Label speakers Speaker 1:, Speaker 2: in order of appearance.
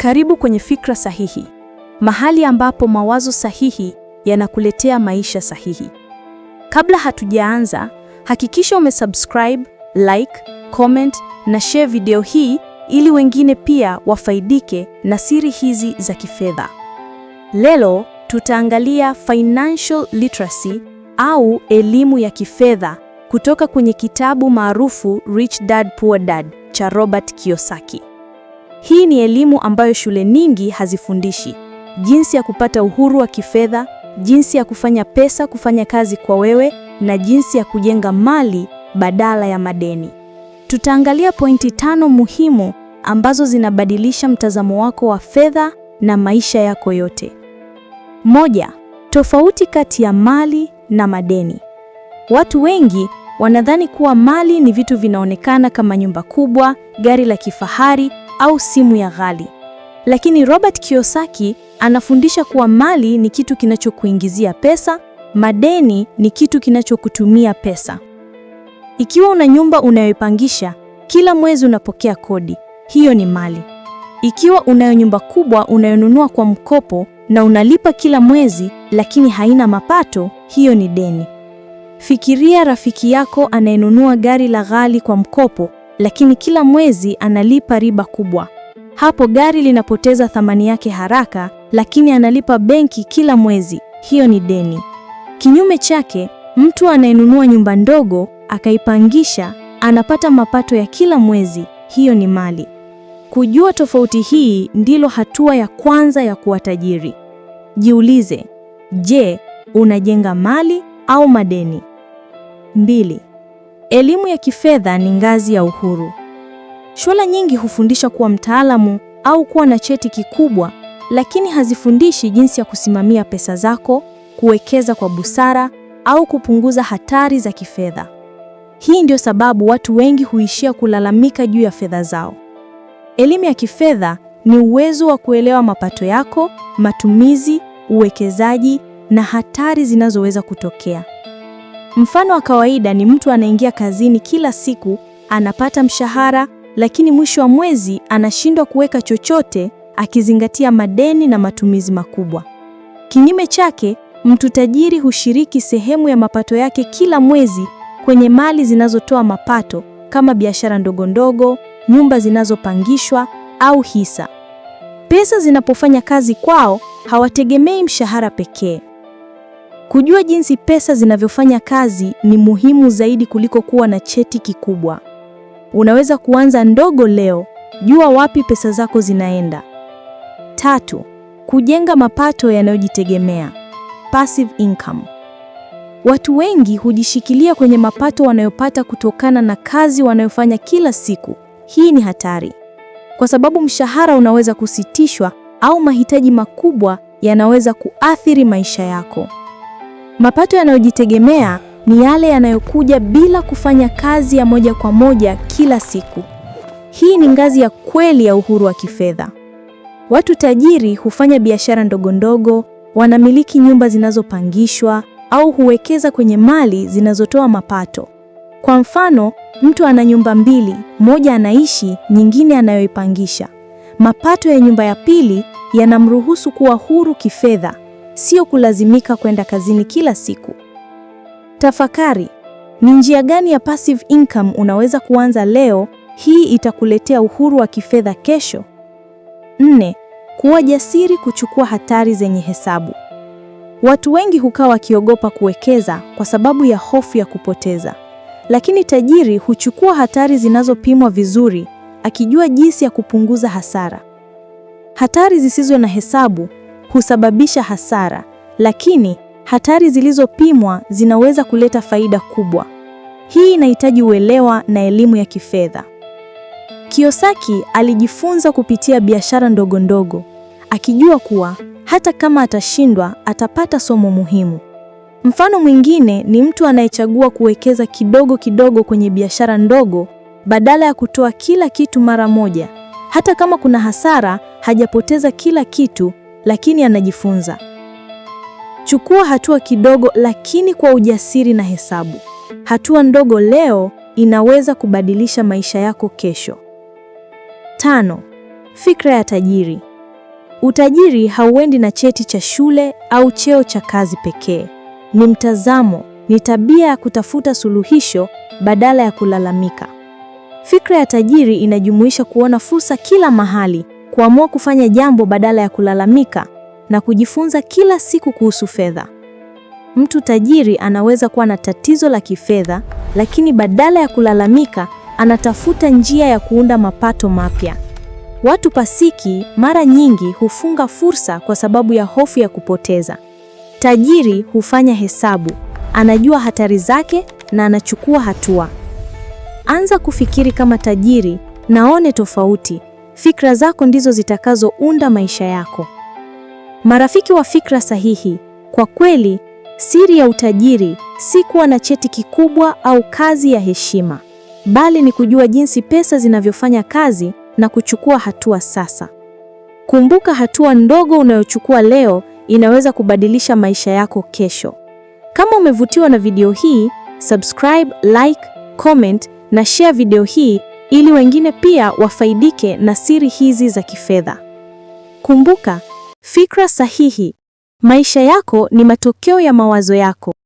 Speaker 1: Karibu kwenye Fikra Sahihi, mahali ambapo mawazo sahihi yanakuletea maisha sahihi. Kabla hatujaanza, hakikisha umesubscribe, like, comment na share video hii ili wengine pia wafaidike na siri hizi za kifedha. Leo tutaangalia financial literacy au elimu ya kifedha kutoka kwenye kitabu maarufu Rich Dad Poor Dad cha Robert Kiyosaki. Hii ni elimu ambayo shule nyingi hazifundishi: jinsi ya kupata uhuru wa kifedha, jinsi ya kufanya pesa kufanya kazi kwa wewe, na jinsi ya kujenga mali badala ya madeni. Tutaangalia pointi tano muhimu ambazo zinabadilisha mtazamo wako wa fedha na maisha yako yote. Moja, tofauti kati ya mali na madeni. Watu wengi wanadhani kuwa mali ni vitu vinaonekana kama nyumba kubwa, gari la kifahari au simu ya ghali. Lakini Robert Kiyosaki anafundisha kuwa mali ni kitu kinachokuingizia pesa, madeni ni kitu kinachokutumia pesa. Ikiwa una nyumba unayoipangisha, kila mwezi unapokea kodi, hiyo ni mali. Ikiwa unayo nyumba kubwa unayonunua kwa mkopo na unalipa kila mwezi, lakini haina mapato, hiyo ni deni. Fikiria rafiki yako anayenunua gari la ghali kwa mkopo lakini kila mwezi analipa riba kubwa. Hapo gari linapoteza thamani yake haraka, lakini analipa benki kila mwezi. Hiyo ni deni. Kinyume chake, mtu anayenunua nyumba ndogo akaipangisha, anapata mapato ya kila mwezi. Hiyo ni mali. Kujua tofauti hii ndilo hatua ya kwanza ya kuwa tajiri. Jiulize, je, unajenga mali au madeni? Mbili, Elimu ya kifedha ni ngazi ya uhuru. Shule nyingi hufundisha kuwa mtaalamu au kuwa na cheti kikubwa, lakini hazifundishi jinsi ya kusimamia pesa zako, kuwekeza kwa busara au kupunguza hatari za kifedha. Hii ndio sababu watu wengi huishia kulalamika juu ya fedha zao. Elimu ya kifedha ni uwezo wa kuelewa mapato yako, matumizi, uwekezaji na hatari zinazoweza kutokea. Mfano wa kawaida ni mtu anaingia kazini kila siku, anapata mshahara, lakini mwisho wa mwezi anashindwa kuweka chochote, akizingatia madeni na matumizi makubwa. Kinyume chake, mtu tajiri hushiriki sehemu ya mapato yake kila mwezi kwenye mali zinazotoa mapato kama biashara ndogo ndogo, nyumba zinazopangishwa au hisa. Pesa zinapofanya kazi kwao, hawategemei mshahara pekee. Kujua jinsi pesa zinavyofanya kazi ni muhimu zaidi kuliko kuwa na cheti kikubwa. Unaweza kuanza ndogo leo, jua wapi pesa zako zinaenda. Tatu, kujenga mapato yanayojitegemea, passive income. Watu wengi hujishikilia kwenye mapato wanayopata kutokana na kazi wanayofanya kila siku. Hii ni hatari kwa sababu mshahara unaweza kusitishwa au mahitaji makubwa yanaweza kuathiri maisha yako. Mapato yanayojitegemea ni yale yanayokuja bila kufanya kazi ya moja kwa moja kila siku. Hii ni ngazi ya kweli ya uhuru wa kifedha. Watu tajiri hufanya biashara ndogo ndogo wanamiliki nyumba zinazopangishwa au huwekeza kwenye mali zinazotoa mapato. Kwa mfano, mtu ana nyumba mbili, moja anaishi, nyingine anayoipangisha. Mapato ya nyumba ya pili yanamruhusu kuwa huru kifedha sio kulazimika kwenda kazini kila siku. Tafakari, ni njia gani ya passive income unaweza kuanza leo? Hii itakuletea uhuru wa kifedha kesho. Nne, kuwa jasiri kuchukua hatari zenye hesabu. Watu wengi hukaa wakiogopa kuwekeza kwa sababu ya hofu ya kupoteza, lakini tajiri huchukua hatari zinazopimwa vizuri, akijua jinsi ya kupunguza hasara. Hatari zisizo na hesabu husababisha hasara, lakini hatari zilizopimwa zinaweza kuleta faida kubwa. Hii inahitaji uelewa na elimu ya kifedha. Kiyosaki alijifunza kupitia biashara ndogo ndogo, akijua kuwa hata kama atashindwa, atapata somo muhimu. Mfano mwingine ni mtu anayechagua kuwekeza kidogo kidogo kwenye biashara ndogo badala ya kutoa kila kitu mara moja. Hata kama kuna hasara, hajapoteza kila kitu, lakini anajifunza. Chukua hatua kidogo, lakini kwa ujasiri na hesabu. Hatua ndogo leo inaweza kubadilisha maisha yako kesho. Tano, fikra ya tajiri. Utajiri hauendi na cheti cha shule au cheo cha kazi pekee. Ni mtazamo, ni tabia ya kutafuta suluhisho badala ya kulalamika. Fikra ya tajiri inajumuisha kuona fursa kila mahali, kuamua kufanya jambo badala ya kulalamika na kujifunza kila siku kuhusu fedha. Mtu tajiri anaweza kuwa na tatizo la kifedha, lakini badala ya kulalamika, anatafuta njia ya kuunda mapato mapya. Watu pasiki mara nyingi hufunga fursa kwa sababu ya hofu ya kupoteza. Tajiri hufanya hesabu, anajua hatari zake na anachukua hatua. Anza kufikiri kama tajiri, naone tofauti. Fikra zako ndizo zitakazounda maisha yako. Marafiki wa fikra sahihi, kwa kweli, siri ya utajiri si kuwa na cheti kikubwa au kazi ya heshima, bali ni kujua jinsi pesa zinavyofanya kazi na kuchukua hatua sasa. Kumbuka, hatua ndogo unayochukua leo inaweza kubadilisha maisha yako kesho. Kama umevutiwa na video hii, subscribe, like, comment na share video hii ili wengine pia wafaidike na siri hizi za kifedha. Kumbuka, fikra sahihi. Maisha yako ni matokeo ya mawazo yako.